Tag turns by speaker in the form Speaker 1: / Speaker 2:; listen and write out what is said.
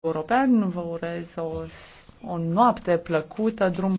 Speaker 1: european. Vă urez o, o noapte plăcută, drum